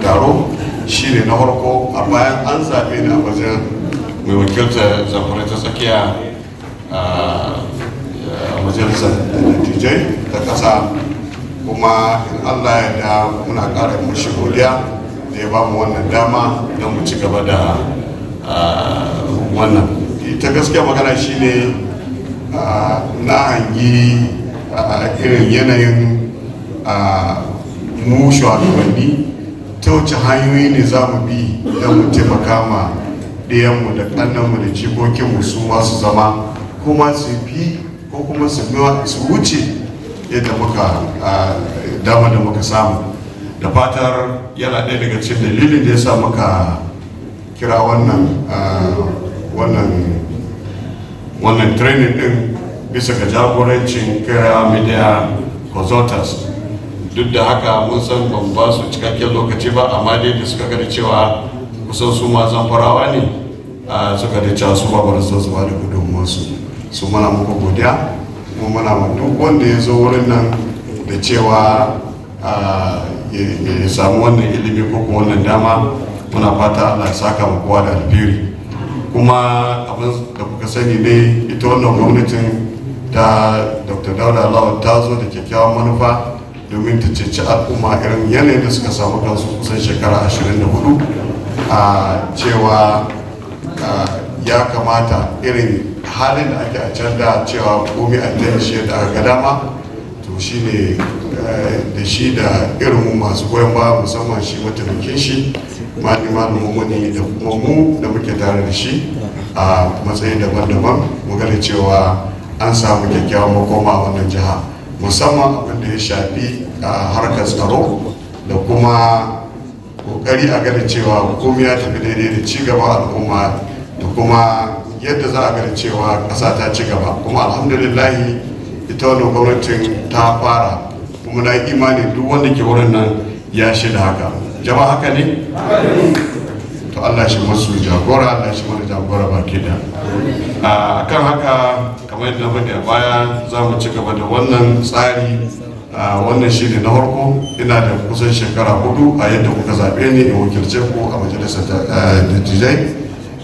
taro shi ne na farko a bayan an zaɓe ni a mai wakilta zamfara ta tsakiya a majalisar dattijai ta ƙasa kuma in allah ya da muna ƙara mashi godiya da ya ba mu wannan dama don mu ci gaba da wannan ita gaskiya magana shi ne na hangi irin yanayin mu shugabanni ta wace hanyoyi ne za mu bi don mu taimaka ma ɗayanmu da ƙannanmu da cikokinmu su masu zama kuma su fi ko kuma su wuce yadda muka dama da muka samu da fatar yana ɗaya daga cikin dalilin da ya sa muka kira wannan wannan wannan training ɗin bisa ga jagorancin kira media consultants duk da haka mun san ban ba su cikakken lokaci ba amma dai da suka gani cewa kusan su ma zan farawa ne suka da cewa su ba su ba da gudunmuwarsu su su mana muku godiya kuma mana ma duk wanda ya zo wurin nan da cewa ya samu wannan ilimi ko kuma wannan dama muna fata allah saka mu kowa da alfiri kuma abin da kuka sani ne ita wannan gwamnatin ta dr dauda lawal ta zo da kyakkyawan manufa domin ta ceci al'umma irin yanayin da suka samu kansu kusan shekara 24 a cewa ya kamata irin halin da ake a can da cewa komi a ta shi da aka ga dama to shi ne da shi da irin masu goyon ba musamman shi mataimakin shi malima da mummuni da kuma mu da muke tare da shi a matsayin daban-daban mu gane cewa an samu kyakkyawan makoma a wannan jiha musamman abin da ya shafi a harkar tsaro da kuma kokari a gada cewa hukumi ya tafi daidai da cigaba al'umma da kuma yadda za a gada cewa ƙasa ta ci gaba kuma alhamdulillahi ita wani gwamnatin ta fara kuma na imani duk wanda ke wurin nan ya shi da haka jama haka ne to allah shi masu jagora allah shi mana jagora baki da a kan haka kamar yadda muke a baya za mu ci gaba da wannan tsari wannan shine na farko ina da kusan shekara hudu a yadda kuka zaɓe ni in wakilce ku a majalisar dattijai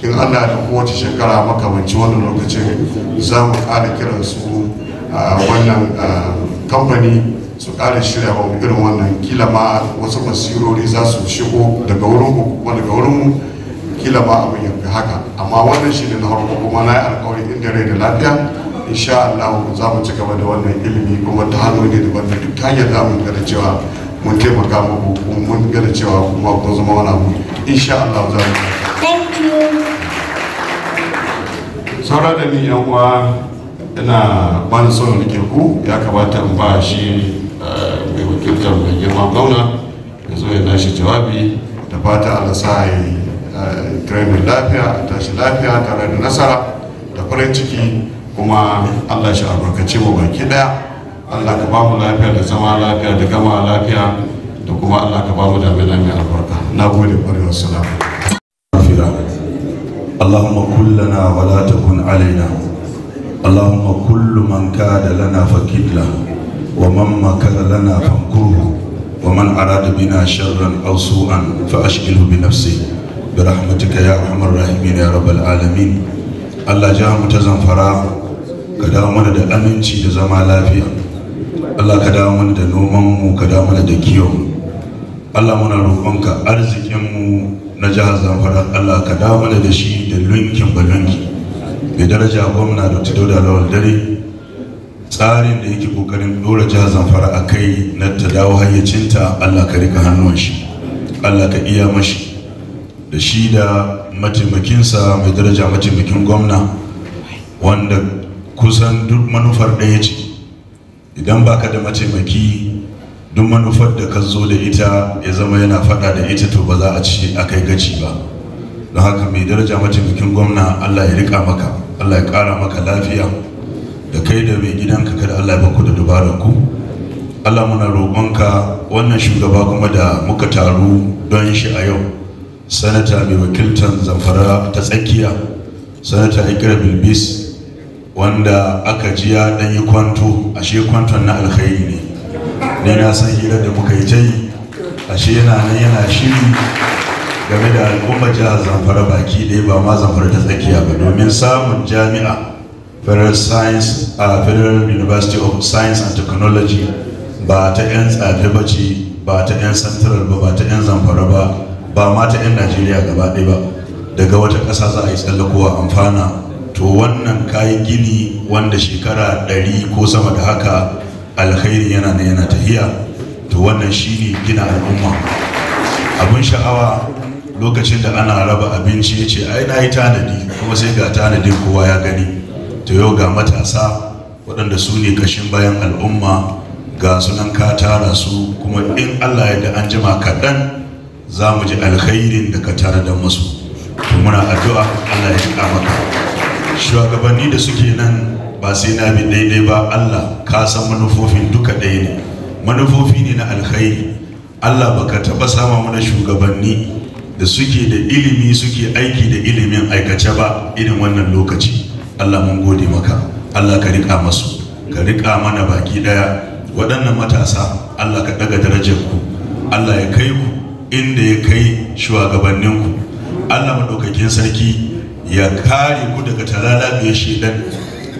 in allah da kowace shekara makamanci wannan lokacin za mu ƙara kiran su wannan kamfani su ƙara shirya wa irin wannan kila ma wasu basirori za su shigo daga wurin ku kuma daga wurin mu kila ma abin ya haka amma wannan shi ne na farko kuma na yi alkawari inda rai da lafiya insha Allah za mu ci gaba da wannan ilimi kuma ta hannuni da wannan duk ta hanyar zamu gada cewa mun taimaka muku kuma mun gada cewa kuma kun zama wani abu insha Allah za mu thank you da ni yan uwa ina bani son rike ku ya kamata in ba shi eh, mai wakiltar mai girma gauna ya zo ya nashi jawabi da fata Allah sa ya eh, lafiya a tashi lafiya tare da nasara da farin ciki kuma allah shi albarkace mu baki daya allah ka ba mu lafiya da zama lafiya da gama lafiya da kuma allah ka ba mu damina mai albarka na gode kwarewa salamu اللهم كن لنا ولا تكن علينا اللهم كل من كاد لنا فكد له ومن مكر لنا فامكره ومن أراد بنا شرا أو سوءا فأشغله بنفسه برحمتك يا أرحم الراحمين يا رب العالمين الله جاء متزن فراغ ka dawo mana da aminci da zama lafiya Allah ka dawo mana da nomanmu ka dawo mana da kiyon Allah muna roƙonka arzikinmu na jihar Zamfara Allah ka dawo mana da shi da lunkin ba da daraja gwamna da tudo da lawal dare tsarin da yake kokarin dora jihar Zamfara a kai na ta dawo hayyacinta Allah ka rika hannun shi Allah ka iya mashi da shi da mataimakinsa mai daraja mataimakin gwamna wanda kusan duk manufar ɗaya ce idan baka da mataimaki duk manufar da ka zo da ita ya zama yana faɗa da ita to ba za a ci a kai gaci ba don haka mai daraja mataimakin gwamna allah ya rika maka allah ya kara maka lafiya da kai da mai gidanka kada allah ya baku da dubarar ku allah muna roƙonka wannan shugaba kuma da muka taru don shi a yau sanata mai wakiltar zamfara ta tsakiya sanata ikira bilbis wanda aka ji ya dan yi kwanto ashe kwanton na alkhairi ne ni na san hira da muka yi ta yi ashe yana nan yana shiri game da al'umma jihar zamfara baki ɗaya ba ma zamfara ta tsakiya ba domin samun jami'a federal science a federal university of science and technology ba ta 'yan tsafi ba ce ba ta 'yan central ba ba ta 'yan zamfara ba ba ma ta 'yan najeriya gaba ɗaya ba daga wata ƙasa za a yi tsallakowa amfana to wannan kayi gini wanda shekara ɗari ko sama da haka alkhairi yana na yana tahiya to wannan shi ne gina al'umma abin sha'awa lokacin da ana raba abinci ya ce ai na yi tanadi kuma sai ga tanadin kowa ya gani to yau ga matasa waɗanda su ne kashin bayan al'umma ga sunan ka tara su kuma in allah ya da an jima kaɗan za mu ji alkhairin da ka tara da masu to muna addu'a allah ya ji maka shugabanni da suke nan ba sai na bi daidai ba Allah ka san manufofin duka ɗaya ne manufofi ne na alkhairi Allah baka taɓa sama mana shugabanni da suke da ilimi suke aiki da ilimin aikace ba irin wannan lokaci Allah mun gode maka Allah ka rika masu ka rika mana baki ɗaya waɗannan matasa Allah ka ɗaga darajar ku Allah ya kai ku inda ya kai shugabanninku Allah maɗaukakin sarki ya kare ku daga talala mai shedan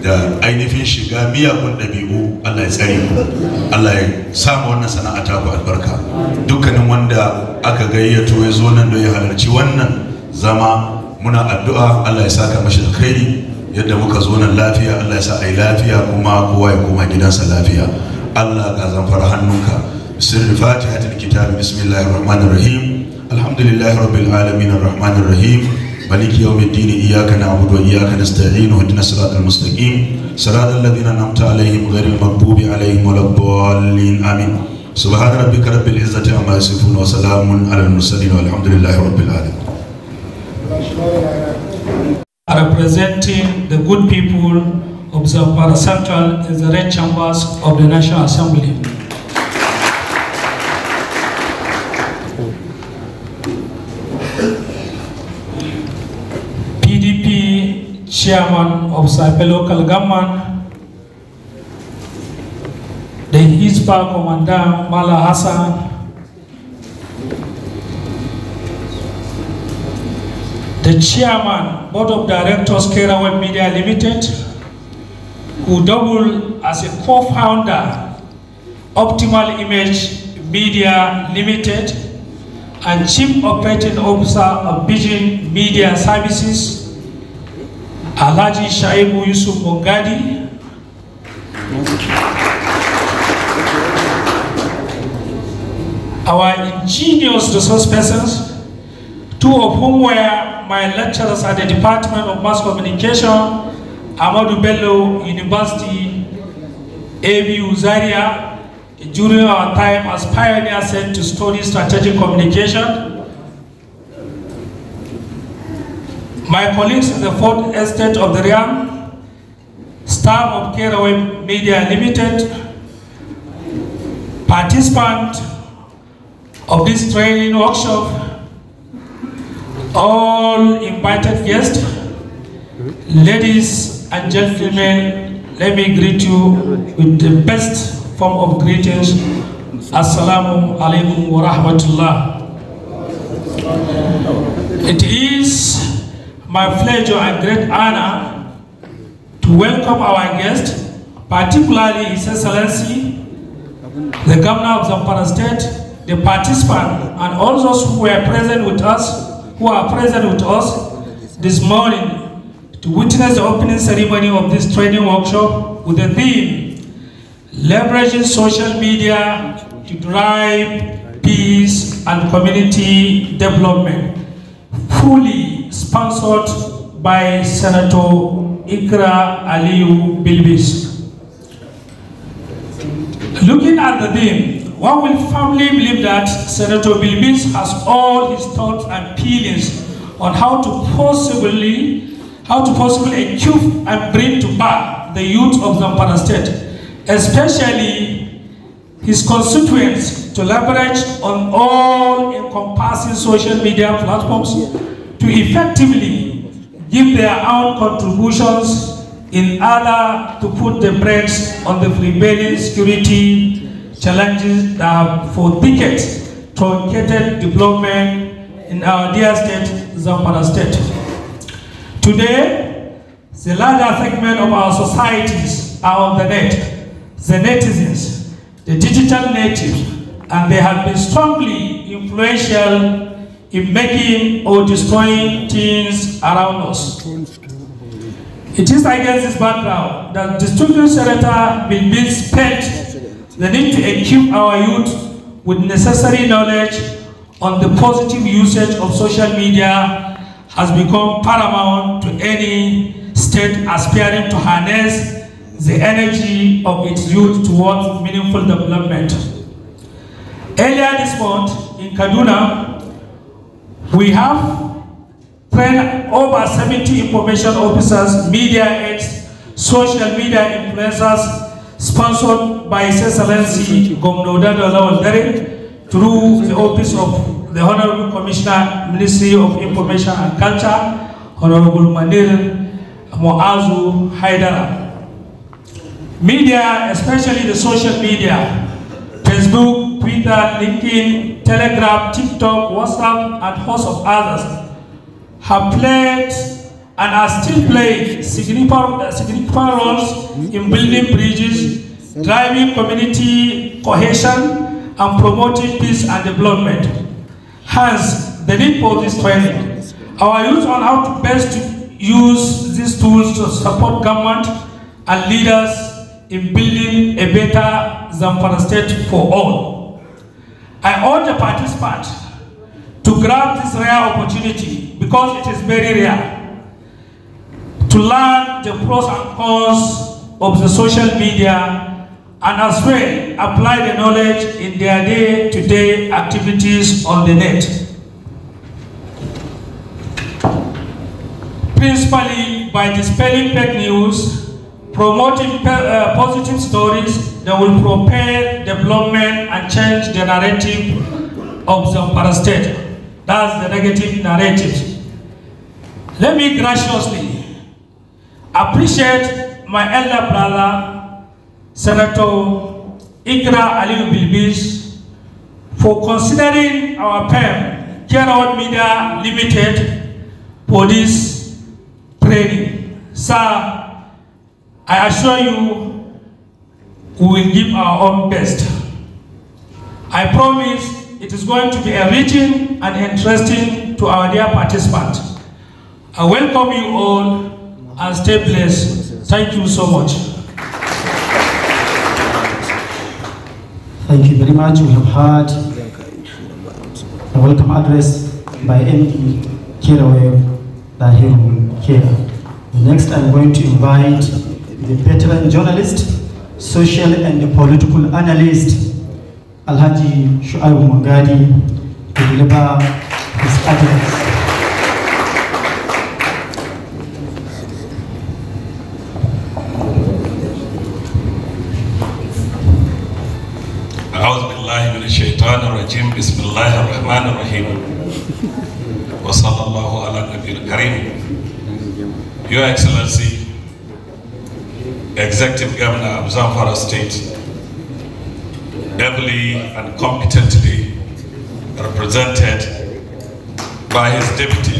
da ainihin shiga miyagun ɗabi'u Allah ya tsare ku Allah ya samu wannan sana'a ta ku albarka dukkanin wanda aka gayyato ya zo nan da ya halarci wannan zama muna addu'a Allah ya saka mashi alkhairi yadda muka zo nan lafiya Allah ya sa ai lafiya kuma kowa ya koma gidansa lafiya Allah ka zamfar hannunka sirri fatihatul kitab bismillahir rahmanir rahim alhamdulillahi rabbil alamin arrahmanir rahim مالك يوم الدين إياك نعبد وإياك نستعين واهدنا الصراط المستقيم صراط الذين أنعمت عليهم غير المغضوب عليهم ولا الضالين آمين سبحان ربك رب العزة عما يصفون وسلام على المرسلين والحمد لله رب العالمين Representing the good people of Zamfara Central in the red chambers of the National Assembly. chairman of Saipe local government, the ISPA commander Mala Hassan, the chairman, board of directors, Kerawen Media Limited, who double as a co-founder, Optimal Image Media Limited, and chief operating officer of Vision Media Services, Alhaji Shaibu Yusuf Ongadi. Our ingenious resource persons, two of whom were my lecturers at the Department of Mass Communication, Amadou Bello University, ABU Zaria, during our time as pioneers sent to study strategic communication, My colleagues in the fourth estate of the realm, staff of Keraway Media Limited, participant of this training workshop, all invited guests, ladies and gentlemen, let me greet you with the best form of greetings. Assalamu alaikum wa rahmatullah. It is my pleasure and great honor to welcome our guest, particularly His Excellency, the Governor of Zampara State, the participants, and all those who were present with us, who are present with us this morning to witness the opening ceremony of this training workshop with the theme, Leveraging Social Media to Drive Peace and Community Development, fully sponsored by Senator Ikra Aliyu Bilbis. Looking at the theme, one will firmly believe that Senator Bilbis has all his thoughts and feelings on how to possibly how to possibly equip and bring to bear the youth of Zamfara State, especially his constituents to leverage on all encompassing social media platforms to effectively give their own contributions in order to put the brakes on the prevailing security challenges that have for decades truncated development in our dear state, Zamfara state. Today, the larger segment of our societies are on the net, the netizens, the digital natives, and they have been strongly influential in making or destroying things around us. It is against this background that the student center will be spent the need to equip our youth with necessary knowledge on the positive usage of social media has become paramount to any state aspiring to harness the energy of its youth towards meaningful development. Earlier this month in Kaduna, We have trained over 70 information officers, media aides, social media influencers, sponsored by His Excellency Governor through the Office of the Honorable Commissioner, Ministry of Information and Culture, Honorable Mandir Moazu Haidara. Media, especially the social media, Facebook, Twitter, LinkedIn, Telegram, TikTok, WhatsApp, and host of others, have played and are still playing significant, significant roles in building bridges, driving community cohesion, and promoting peace and development. Hence, the need for this training. Our youth on how to best use these tools to support government and leaders in building a better Zamfara state for all. I urge the participants to grab this rare opportunity because it is very rare to learn the pros and cons of the social media and as well apply the knowledge in their day-to-day -day activities on the net. Principally by dispelling fake news, promoting uh, positive stories that will propel development and change the narrative of Zamfara state. That's the negative narrative. Let me graciously appreciate my elder brother, Senator Ikra Aliu Bilbis, for considering our firm, Gerard Media Limited, for this training. Sir, I assure you we will give our own best. I promise it is going to be enriching and interesting to our dear participants. I welcome you all and stay blessed. Thank you so much. Thank you very much. We have heard a welcome address by MP Kirawe Dahirun Kira. Next, I'm going to invite the veteran journalist social and political analyst Alhaji Shu'aib Mangadi to deliver his address. أعوذ بالله من الشيطان الرجيم بسم الله الرحمن الرحيم وصلى الله على النبي الكريم Your Excellency Executive Governor of Zamfara State, ably and competently represented by his deputy,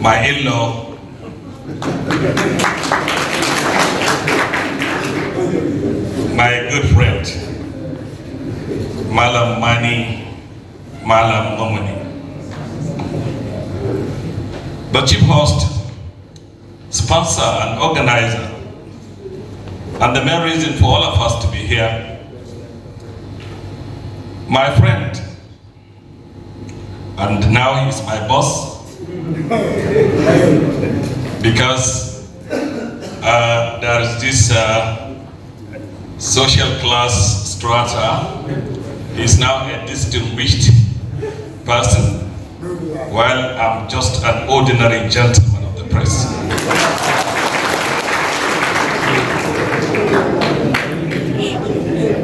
my in-law, my good friend, Malam Mani, Malam Momani. The chief host, sponsor and organizer and the main reason for all of us to be here, my friend, and now he's my boss, because uh, there is this uh, social class strata. He's now a distinguished person, while I'm just an ordinary gentleman of the press.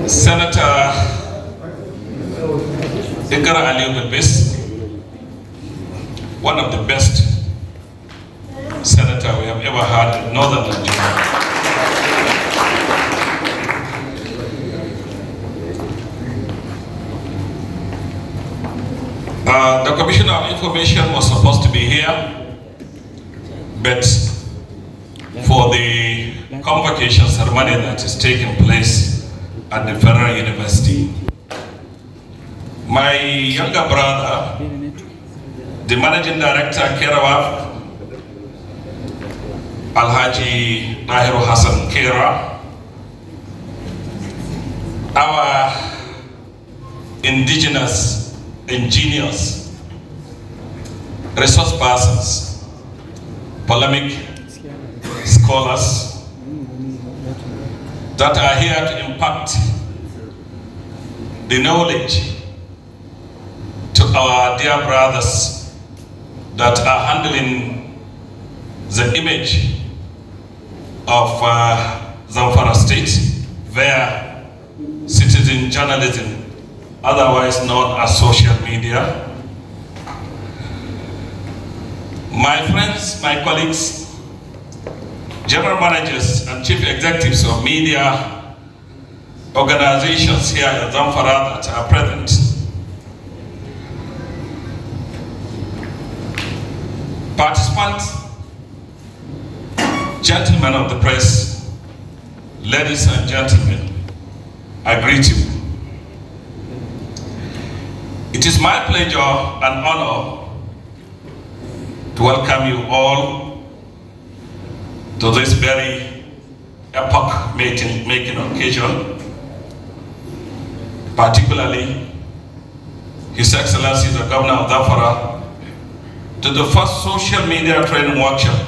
Senator Igara Ali Best, one of the best senator we have ever had in northern Nigeria. Uh, the Commissioner of Information was supposed to be here, but for the convocation ceremony that is taking place at the Federal University. My younger brother, the managing director, Kerawaf, Alhaji Nahiru Hassan Kera, our indigenous engineers, resource persons, polemic scholars, that are here to impart the knowledge to our dear brothers that are handling the image of uh, Zamfara State via citizen journalism, otherwise known as social media. My friends, my colleagues, general managers and chief executives of media organizations here at Zamfara that are present. Participants, gentlemen of the press, ladies and gentlemen, I greet you. It is my pleasure and honor to welcome you all to this very epoch-making occasion, particularly His Excellency the Governor of Dhafara, to the first social media training workshop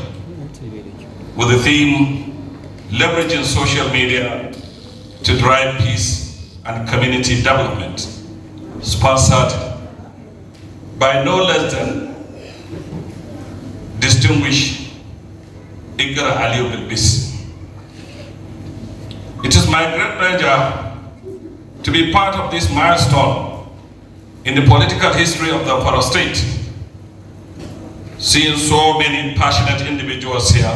with the theme Leveraging Social Media to Drive Peace and Community Development, sponsored by no less than distinguished Tinker Alley It is my great pleasure to be part of this milestone in the political history of the Federal State, seeing so many passionate individuals here,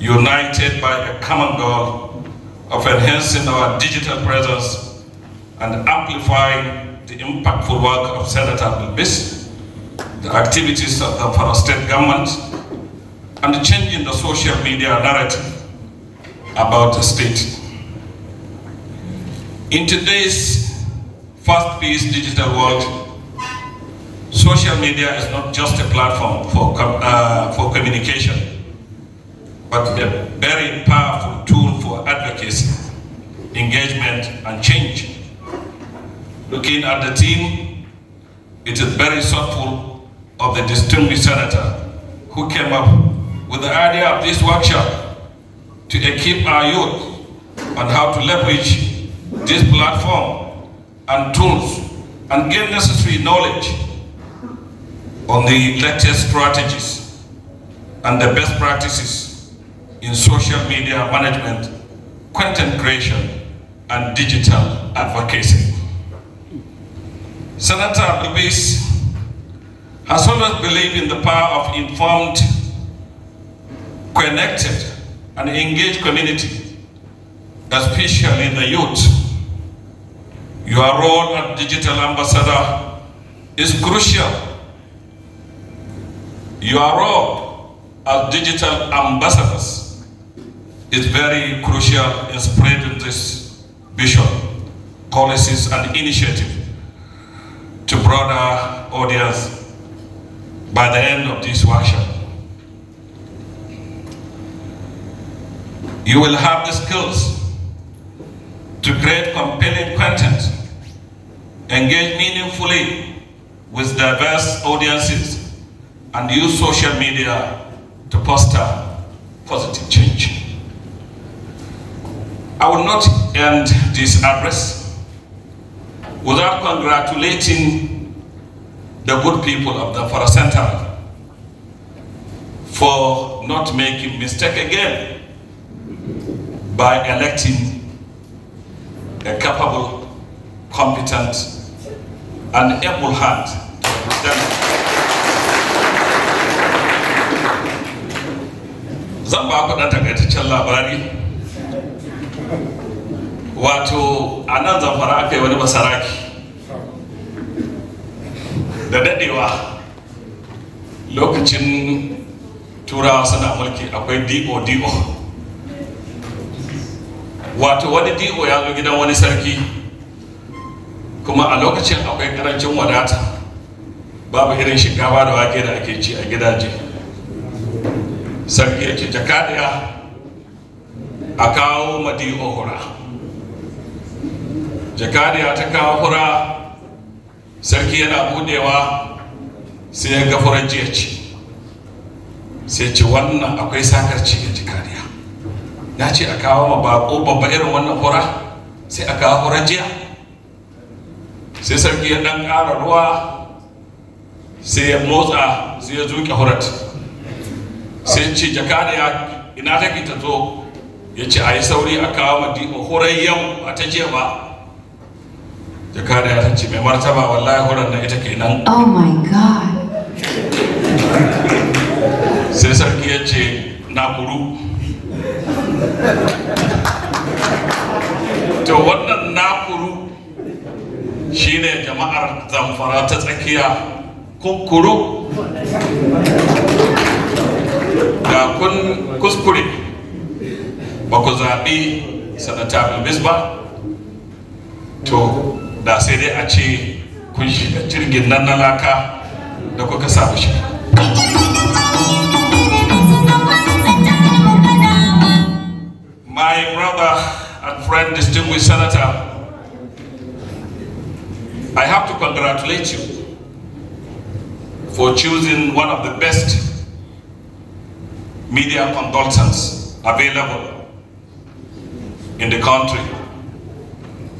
united by a common goal of enhancing our digital presence and amplifying the impactful work of Senator Bilbis, the activities of the Federal State government, and changing the social media narrative about the state. In today's fast-paced digital world, social media is not just a platform for, com uh, for communication, but a very powerful tool for advocacy, engagement, and change. Looking at the team, it is very thoughtful of the distinguished senator who came up with the idea of this workshop to equip our youth on how to leverage this platform and tools and gain necessary knowledge on the latest strategies and the best practices in social media management, content creation, and digital advocacy. Senator Abubis has always believed in the power of informed connected and engaged community, especially the youth. Your role as digital ambassador is crucial. Your role as digital ambassadors is very crucial in spreading this vision, policies, and initiative to broader audience by the end of this workshop. You will have the skills to create compelling content, engage meaningfully with diverse audiences, and use social media to foster positive change. I will not end this address without congratulating the good people of the Forest Center for not making mistake again by electing a capable, competent, and able hand to represent. Zan ba ku ɗan takaitaccen labari. Wato, a nan zamfara aka yi wani masaraki da daɗewa lokacin turawa suna mulki akwai dibo o. wato wani diko ya zo gidan wani sarki kuma a lokacin akwai karancin wadata babu irin shinkafa da wake da ake ci a gidaje sarki ya ce jakadiya a kawo madiho hura jakadiya ta kawo hura sarki yana budewa sai ya ga furar jiya ce sai ce wannan akwai sakarci ga jakadiya Ya ce a kawo ma bako babba irin wannan hura sai a kawo hura jiya sai sarki ya dan ƙara ruwa sai ya motsa sai ya zuke hurat sai ce jakada ya ina take ta zo ya ce a yi sauri a kawo ma hurai yau ba ta jiya ba jakada ya ce mai martaba wallahi hurar na ita kenan oh my god sai sarki ya ce na kuru to wannan nakuru shine jama'ar zamfara ta tsakiya kunkuru ga kun kuskure ba ku zaɓi sanata bilbis ba to da sai dai a ce kun shiga jirgin nan na laka da kuka samu shi my brother and friend, distinguished senator, I have to congratulate you for choosing one of the best media consultants available in the country.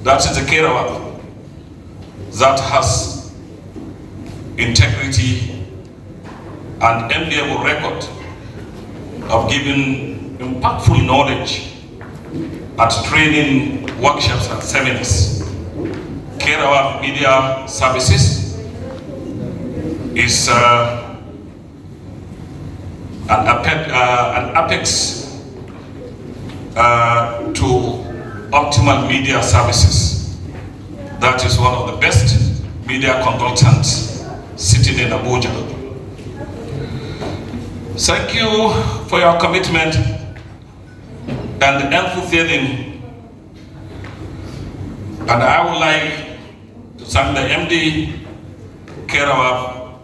That is a Kerouac that has integrity and enviable record of giving impactful knowledge at training workshops and seminars. Kerawa Media Services is uh, an, apex, uh, an apex uh, to optimal media services. That is one of the best media consultants sitting in Abuja. Thank you for your commitment and enthusiasm. And I would like to thank the MD, Kerawa,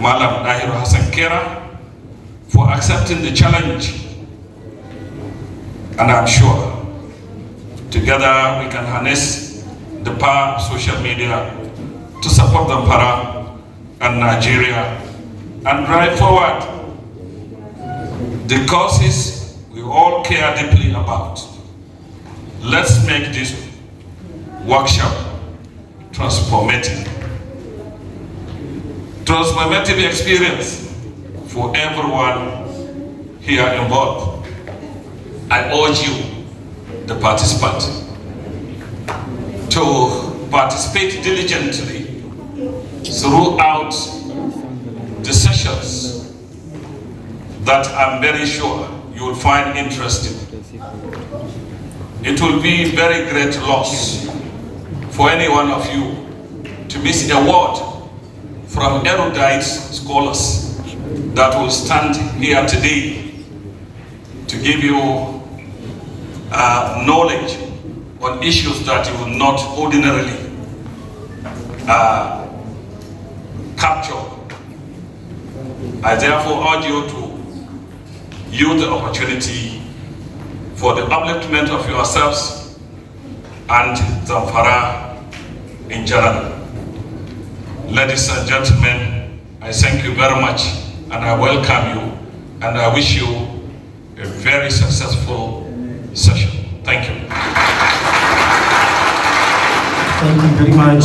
Malam Dahiru Hassan Kera, for accepting the challenge. And I'm sure together we can harness the power of social media to support para and Nigeria and drive forward the causes all care deeply about. Let's make this workshop transformative. Transformative experience for everyone here involved. I urge you, the participant, to participate diligently throughout the sessions that I'm very sure you will find interesting. It will be very great loss for any one of you to miss a word from erudite scholars that will stand here today to give you uh, knowledge on issues that you would not ordinarily uh, capture. I therefore urge you to you the opportunity for the upliftment of yourselves and Zamfara in general. Ladies and gentlemen, I thank you very much and I welcome you and I wish you a very successful session. Thank you. Thank you very much.